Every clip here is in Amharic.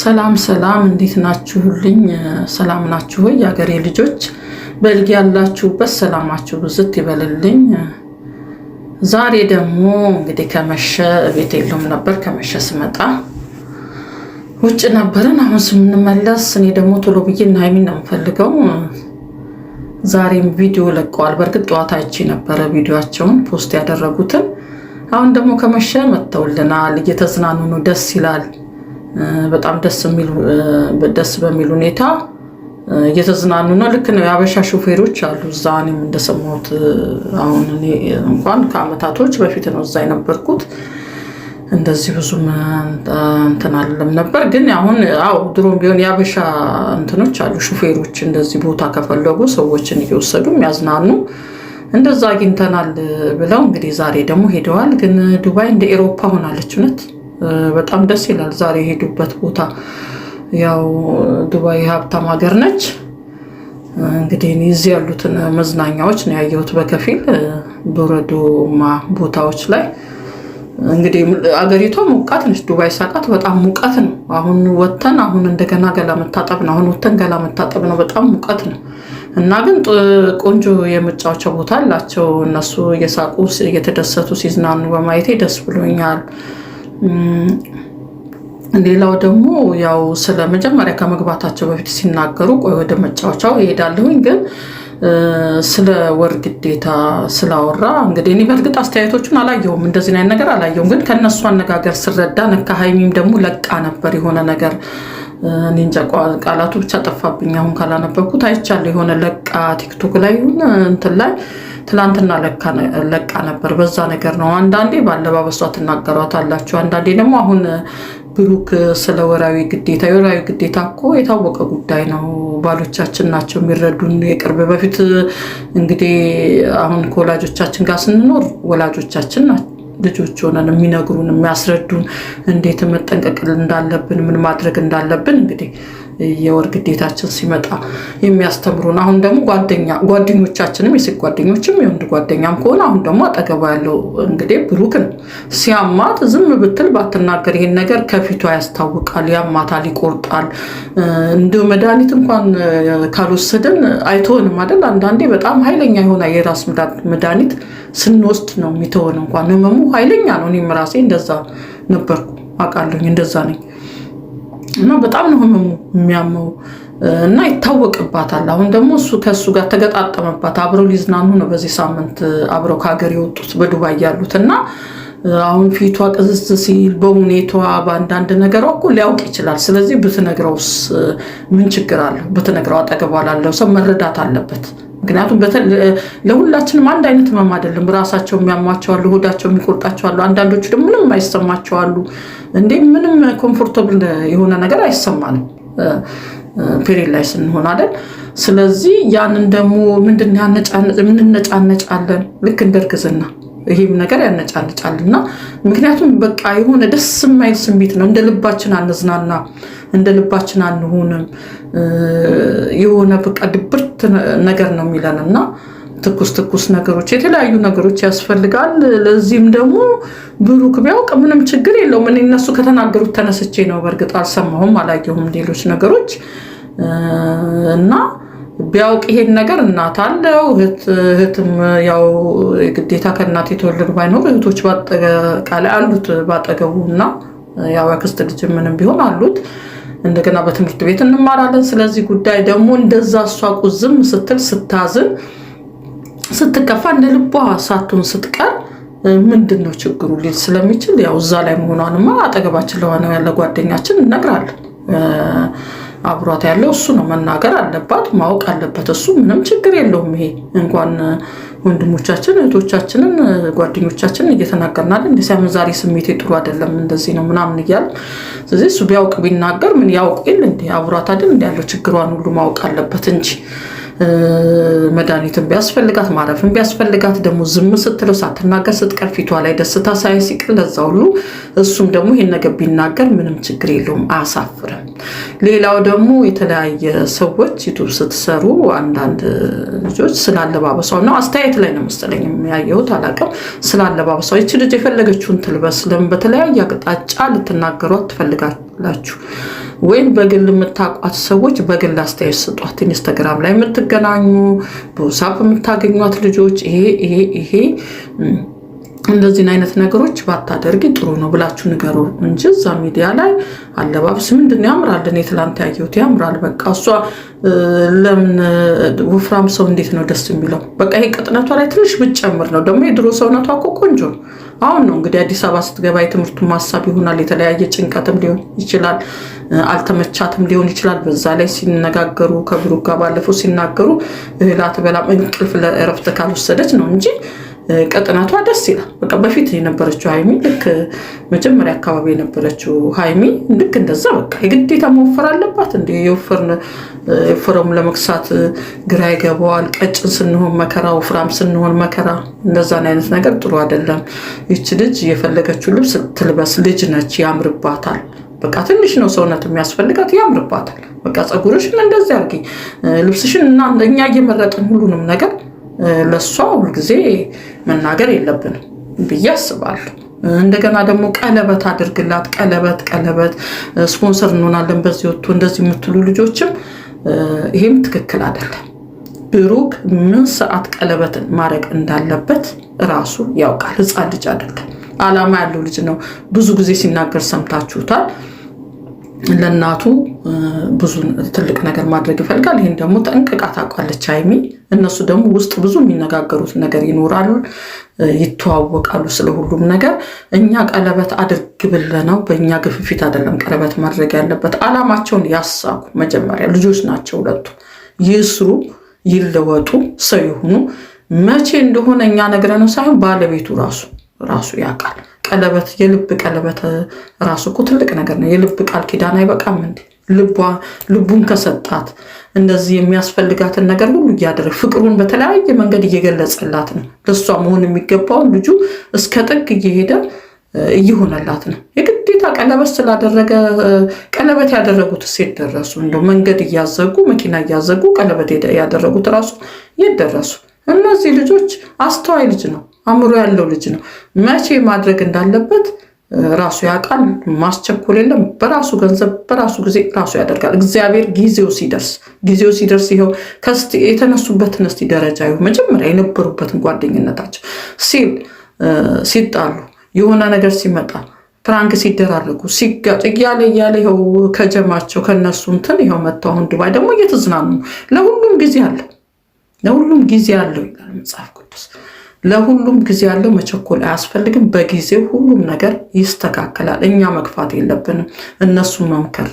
ሰላም ሰላም፣ እንዴት ናችሁልኝ? ሰላም ናችሁ ወይ የአገሬ ልጆች? በልግ ያላችሁበት ሰላማችሁ ብዝት ይበልልኝ። ዛሬ ደግሞ እንግዲህ ከመሸ ቤት የለውም ነበር። ከመሸ ስመጣ ውጭ ነበርን። አሁን ስንመለስ እኔ ደግሞ ቶሎ ብዬ እና ሀይሚን ነው የምፈልገው። ዛሬም ቪዲዮ ለቀዋል። በእርግጥ ጠዋት አይቼ ነበረ ቪዲዮቸውን ፖስት ያደረጉትን። አሁን ደግሞ ከመሸ መጥተውልናል። እየተዝናኑ ነው። ደስ ይላል። በጣም ደስ በሚል ሁኔታ እየተዝናኑ ነው። ልክ ነው የአበሻ ሾፌሮች አሉ እዛ። እኔም እንደሰማሁት አሁን እኔ እንኳን ከአመታቶች በፊት ነው እዛ የነበርኩት እንደዚህ ብዙም እንትን አለም ነበር። ግን አሁን አዎ ድሮም ቢሆን የአበሻ እንትኖች አሉ ሹፌሮች፣ እንደዚህ ቦታ ከፈለጉ ሰዎችን እየወሰዱ የሚያዝናኑ እንደዛ አግኝተናል ብለው እንግዲህ ዛሬ ደግሞ ሄደዋል። ግን ዱባይ እንደ ኤሮፓ ሆናለች እውነት በጣም ደስ ይላል። ዛሬ የሄዱበት ቦታ ያው ዱባይ ሀብታም ሀገር ነች። እንግዲህ እዚህ ያሉትን መዝናኛዎች ነው ያየሁት በከፊል በረዶማ ቦታዎች ላይ እንግዲህ አገሪቷ ሙቃት ነች። ዱባይ ሳቃት በጣም ሙቀት ነው። አሁን ወተን አሁን እንደገና ገላ መታጠብ ነው። አሁን ወተን ገላ መታጠብ ነው። በጣም ሙቀት ነው እና ግን ቆንጆ የመጫወቻ ቦታ አላቸው። እነሱ እየሳቁ እየተደሰቱ ሲዝናኑ በማየቴ ደስ ብሎኛል። ሌላው ደግሞ ያው ስለ መጀመሪያ ከመግባታቸው በፊት ሲናገሩ ቆይ ወደ መጫወቻው ይሄዳለሁኝ ግን ስለ ወር ግዴታ ስላወራ እንግዲህ እኔ በእርግጥ አስተያየቶቹን አላየውም፣ እንደዚህ አይነት ነገር አላየውም። ግን ከእነሱ አነጋገር ስረዳ ነካ ሀይሚም ደግሞ ለቃ ነበር የሆነ ነገር እኔ እንጃ ቃላቱ ብቻ ጠፋብኝ። አሁን ካላነበብኩት አይቻለሁ። የሆነ ለቃ ቲክቶክ ላይ እንትን ላይ ትላንትና ለቃ ነበር። በዛ ነገር ነው። አንዳንዴ ትናገሯት አላቸው አንዳንዴ ደግሞ አሁን ብሩክ ስለ ወራዊ ግዴታ የወራዊ ግዴታ እኮ የታወቀ ጉዳይ ነው። ባሎቻችን ናቸው የሚረዱን የቅርብ በፊት እንግዲህ አሁን ከወላጆቻችን ጋር ስንኖር ወላጆቻችን ናቸው ልጆች ሆነን የሚነግሩን የሚያስረዱን እንዴት መጠንቀቅ እንዳለብን ምን ማድረግ እንዳለብን እንግዲህ የወር ግዴታችን ሲመጣ የሚያስተምሩን። አሁን ደግሞ ጓደኛ ጓደኞቻችንም የሴት ጓደኞችም የወንድ ጓደኛም ከሆነ አሁን ደግሞ አጠገባ ያለው እንግዲህ ብሩክ ነው። ሲያማት ዝም ብትል ባትናገር ይሄን ነገር ከፊቷ ያስታውቃል። ያማታል፣ ይቆርጣል። እንዲሁ መድኃኒት እንኳን ካልወሰድን አይተሆንም አይደል? አንዳንዴ በጣም ኃይለኛ የሆነ የራስ መድኃኒት ስንወስድ ነው የሚተሆን። እንኳን ህመሙ ኃይለኛ ነው። እኔም ራሴ እንደዛ ነበርኩ አውቃለሁኝ። እንደዛ ነኝ። እና በጣም ነው ህመሙ የሚያመው እና ይታወቅባታል። አሁን ደግሞ እሱ ከእሱ ጋር ተገጣጠመባት። አብረው ሊዝናኑ ነው በዚህ ሳምንት አብረው ከሀገር የወጡት በዱባይ ያሉት እና አሁን ፊቷ ቅዝዝ ሲል በሁኔታዋ በአንዳንድ ነገሯ እኮ ሊያውቅ ይችላል። ስለዚህ ብትነግረውስ ምን ችግር አለው? ብትነግረው አጠገቧ ላለው ሰው መረዳት አለበት። ምክንያቱም ለሁላችንም አንድ አይነት ህመም አይደለም። ራሳቸው የሚያሟቸዋሉ፣ ሆዳቸው የሚቆርጣቸው አንዳንዶቹ ደግሞ ምንም አይሰማቸዋሉ። እንዴ ምንም ኮምፎርተብል የሆነ ነገር አይሰማንም ፔሬድ ላይ ስንሆን አይደል? ስለዚህ ያንን ደግሞ ምንድን ያነጫነጭ የምንነጫነጫለን ልክ እንደ እርግዝና ይሄም ነገር ያነጫንጫል እና ምክንያቱም በቃ የሆነ ደስ የማይል ስሜት ነው። እንደ ልባችን አንዝናና፣ እንደ ልባችን አንሆንም። የሆነ በቃ ድብርት ነገር ነው የሚለን እና ትኩስ ትኩስ ነገሮች የተለያዩ ነገሮች ያስፈልጋል። ለዚህም ደግሞ ብሩክ ቢያውቅ ምንም ችግር የለውም። እኔ እነሱ ከተናገሩት ተነስቼ ነው። በእርግጥ አልሰማሁም፣ አላየሁም ሌሎች ነገሮች እና ቢያውቅ ይሄን ነገር እናት አለው እህትም ያው ግዴታ ከእናት የተወለዱ ባይኖር እህቶች በአጠቃላይ አሉት ባጠገቡ እና ያው አክስት ልጅ ምንም ቢሆን አሉት። እንደገና በትምህርት ቤት እንማራለን። ስለዚህ ጉዳይ ደግሞ እንደዛ እሷ ቁዝም ስትል ስታዝን፣ ስትከፋ እንደ ልቧ ሳቱን ስትቀር ምንድን ነው ችግሩ ሊል ስለሚችል ያው እዛ ላይ መሆኗንማ አጠገባችን ለሆነ ያለ ጓደኛችን እነግራለን። አብሯት ያለው እሱ ነው። መናገር አለባት፣ ማወቅ አለበት። እሱ ምንም ችግር የለውም። ይሄ እንኳን ወንድሞቻችን እህቶቻችንን ጓደኞቻችንን እየተናገርናል እንደ ሲያምን ዛሬ ስሜቴ ጥሩ አይደለም እንደዚህ ነው ምናምን እያል ስለዚህ እሱ ቢያውቅ ቢናገር ምን ያውቅ የለ እንደ አብሯት አይደል እንዲ ያለው ችግሯን ሁሉ ማወቅ አለበት እንጂ መድኃኒትን ቢያስፈልጋት ማረፍን ቢያስፈልጋት ደግሞ ዝም ስትለው ሳትናገር ስትቀር ፊቷ ላይ ደስታ ሳይ ሳይሲቅ ለዛ ሁሉ እሱም ደግሞ ይህን ነገር ቢናገር ምንም ችግር የለውም፣ አያሳፍርም። ሌላው ደግሞ የተለያየ ሰዎች ዩቱብ ስትሰሩ አንዳንድ ልጆች ስላለባበሷ ነው አስተያየት ላይ ነው መሰለኝ የሚያየሁት አላውቅም። ስላለባበሷ ይች ልጅ የፈለገችውን ትልበስ፣ ለምን በተለያየ አቅጣጫ ልትናገሯት ትፈልጋላችሁ? ወይም በግል የምታውቋት ሰዎች በግል አስተያየት ስጧት። ኢንስተግራም ላይ የምትገናኙ በሳፕ የምታገኟት ልጆች ይሄ ይሄ ይሄ እንደዚህን አይነት ነገሮች ባታደርግ ጥሩ ነው ብላችሁ ንገሩ እንጂ እዛ ሚዲያ ላይ አለባበስ ምንድን ያምራል፣ እኔ ትላንት ያየሁት ያምራል፣ በቃ እሷ ለምን ውፍራም ሰው እንዴት ነው ደስ የሚለው? በቃ ይሄ ቅጥነቷ ላይ ትንሽ ብትጨምር ነው። ደግሞ የድሮ ሰውነቷ እኮ ቆንጆ ነው። አሁን ነው እንግዲህ አዲስ አበባ ስትገባ የትምህርቱ ማሳብ ይሆናል። የተለያየ ጭንቀትም ሊሆን ይችላል፣ አልተመቻትም ሊሆን ይችላል። በዛ ላይ ሲነጋገሩ ከብሩ ጋር ባለፈው ሲናገሩ እህላት በላም እንቅልፍ ለእረፍት ካልወሰደች ነው እንጂ ቅጥነቷ ደስ ይላል። በቃ በፊት የነበረችው ሀይሚ ልክ መጀመሪያ አካባቢ የነበረችው ሀይሚ ልክ እንደዛ በቃ የግዴታ መወፈር አለባት። እንደ የወፈረውም ለመክሳት ግራ ይገባዋል። ቀጭን ስንሆን መከራ፣ ወፍራም ስንሆን መከራ። እንደዛን አይነት ነገር ጥሩ አይደለም። ይች ልጅ የፈለገችው ልብስ ትልበስ። ልጅ ነች፣ ያምርባታል። በቃ ትንሽ ነው ሰውነት የሚያስፈልጋት፣ ያምርባታል። በቃ ጸጉርሽን እንደዚህ አድርጊ፣ ልብስሽን እና እኛ እየመረጥን ሁሉንም ነገር ለእሷ ሁልጊዜ መናገር የለብንም ብዬ አስባለሁ። እንደገና ደግሞ ቀለበት አድርግላት፣ ቀለበት ቀለበት ስፖንሰር እንሆናለን በዚህ ወቶ እንደዚህ የምትሉ ልጆችም ይሄም ትክክል አይደለም። ብሩክ ምን ሰዓት ቀለበትን ማድረግ እንዳለበት ራሱ ያውቃል። ህፃን ልጅ አይደለም። አላማ ያለው ልጅ ነው። ብዙ ጊዜ ሲናገር ሰምታችሁታል። ለእናቱ ብዙ ትልቅ ነገር ማድረግ ይፈልጋል። ይህን ደግሞ ጠንቅቃ ታውቃለች ሀይሚ። እነሱ ደግሞ ውስጥ ብዙ የሚነጋገሩት ነገር ይኖራሉ፣ ይተዋወቃሉ ስለ ሁሉም ነገር። እኛ ቀለበት አድርግ ብለነው በእኛ ግፍፊት አይደለም ቀለበት ማድረግ ያለበት። አላማቸውን ያሳኩ። መጀመሪያ ልጆች ናቸው ሁለቱ፣ ይስሩ፣ ይለወጡ፣ ሰው ይሁኑ። መቼ እንደሆነ እኛ ነግረነው ሳይሆን ባለቤቱ ራሱ ራሱ ያውቃል። ቀለበት የልብ ቀለበት ራሱ እኮ ትልቅ ነገር ነው። የልብ ቃል ኪዳን አይበቃም እንዴ? ልቡን ከሰጣት እንደዚህ የሚያስፈልጋትን ነገር ሁሉ እያደረ ፍቅሩን በተለያየ መንገድ እየገለጸላት ነው። ለእሷ መሆን የሚገባውን ልጁ እስከ ጥግ እየሄደ እየሆነላት ነው። የግዴታ ቀለበት ስላደረገ ቀለበት ያደረጉት ሴት ደረሱ። እንደው መንገድ እያዘጉ መኪና እያዘጉ ቀለበት ያደረጉት ራሱ የት ደረሱ? እነዚህ ልጆች አስተዋይ ልጅ ነው። አእምሮ ያለው ልጅ ነው። መቼ ማድረግ እንዳለበት ራሱ ያውቃል። ማስቸኮል የለም። በራሱ ገንዘብ በራሱ ጊዜ ራሱ ያደርጋል። እግዚአብሔር ጊዜው ሲደርስ ጊዜው ሲደርስ ይኸው የተነሱበትን እስቲ ደረጃ ይሁ መጀመሪያ የነበሩበትን ጓደኝነታቸው ሲል ሲጣሉ የሆነ ነገር ሲመጣ ፕራንክ ሲደራረጉ ሲጋጭ እያለ እያለ ይኸው ከጀማቸው ከነሱ እንትን ይኸው መጥተው አሁን ዱባይ ደግሞ እየተዝናኑ ለሁሉም ጊዜ አለው ለሁሉም ጊዜ አለው ይላል መጽሐፍ ቅዱስ። ለሁሉም ጊዜ ያለው መቸኮል አያስፈልግም። በጊዜው ሁሉም ነገር ይስተካከላል። እኛ መግፋት የለብንም እነሱ መምከር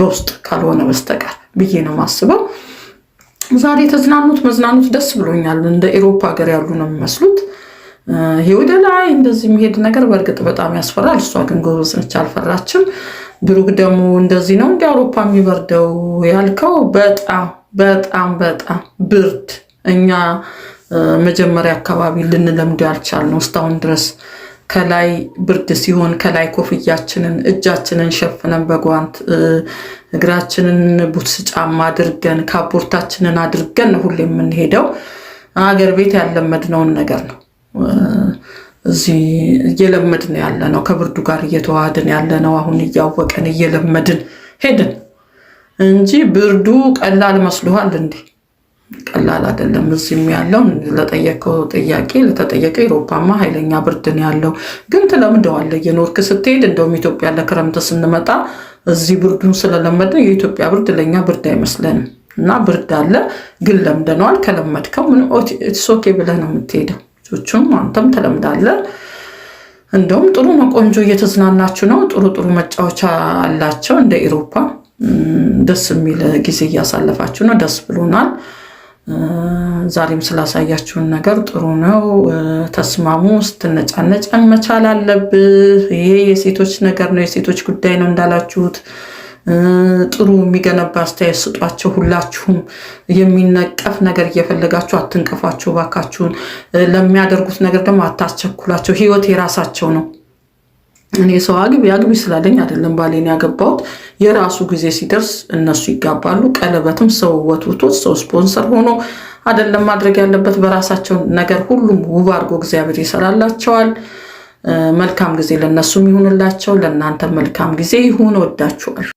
በውስጥ ካልሆነ በስተቀር ብዬ ነው ማስበው። ዛሬ የተዝናኑት መዝናኑት ደስ ብሎኛል። እንደ ኤሮፓ ሀገር ያሉ ነው የሚመስሉት። ይሄ ወደ ላይ እንደዚህ የሚሄድ ነገር በእርግጥ በጣም ያስፈራል። እሷ ግን ጎበዝ ነች፣ አልፈራችም። ብሩክ ደግሞ እንደዚህ ነው እንዲ አውሮፓ የሚበርደው ያልከው። በጣም በጣም በጣም ብርድ እኛ መጀመሪያ አካባቢ ልንለምደው ያልቻልነው እስካሁን ድረስ ከላይ ብርድ ሲሆን ከላይ ኮፍያችንን እጃችንን ሸፍነን በጓንት እግራችንን ቡትስ ጫማ አድርገን ካፖርታችንን አድርገን ሁሌ የምንሄደው አገር ቤት ያለመድነውን ነገር ነው። እዚህ እየለመድን ያለ ነው። ከብርዱ ጋር እየተዋህድን ያለ ነው። አሁን እያወቀን እየለመድን ሄድን እንጂ ብርዱ ቀላል መስሎሃል እንዴ? ቀላል አይደለም። እዚህም ያለው ለጠየቀው ጥያቄ ለተጠየቀ ኢሮፓማ ኃይለኛ ብርድን ያለው ግን ትለምደዋለህ። የኖርክ ስትሄድ እንደውም ኢትዮጵያ ለክረምት ስንመጣ እዚህ ብርዱን ስለለመደ የኢትዮጵያ ብርድ ለእኛ ብርድ አይመስለንም። እና ብርድ አለ ግን ለምደነዋል። ከለመድከው ምንም ኦኬ ብለህ ነው የምትሄደው። ልጆቹም አንተም ትለምዳለህ። እንደውም ጥሩ ነው። ቆንጆ እየተዝናናችሁ ነው። ጥሩ ጥሩ መጫወቻ አላቸው እንደ ኢሮፓ። ደስ የሚል ጊዜ እያሳለፋችሁ ነው። ደስ ብሎናል። ዛሬም ስላሳያችሁን ነገር ጥሩ ነው። ተስማሙ። ስትነጫነጫን መቻል አለብህ። ይሄ የሴቶች ነገር ነው፣ የሴቶች ጉዳይ ነው እንዳላችሁት ጥሩ የሚገነባ አስተያየት ስጧቸው። ሁላችሁም የሚነቀፍ ነገር እየፈለጋችሁ አትንቀፏቸው ባካችሁን። ለሚያደርጉት ነገር ደግሞ አታስቸኩላቸው። ህይወት የራሳቸው ነው። እኔ ሰው አግቢ አግቢ ስላለኝ አይደለም ባሌን ያገባሁት። የራሱ ጊዜ ሲደርስ እነሱ ይጋባሉ። ቀለበትም ሰው ወትውቶ ሰው ስፖንሰር ሆኖ አይደለም ማድረግ ያለበት። በራሳቸው ነገር ሁሉም ውብ አድርጎ እግዚአብሔር ይሰራላቸዋል። መልካም ጊዜ ለእነሱም ይሁንላቸው። ለእናንተ መልካም ጊዜ ይሁን። ወዳችኋል።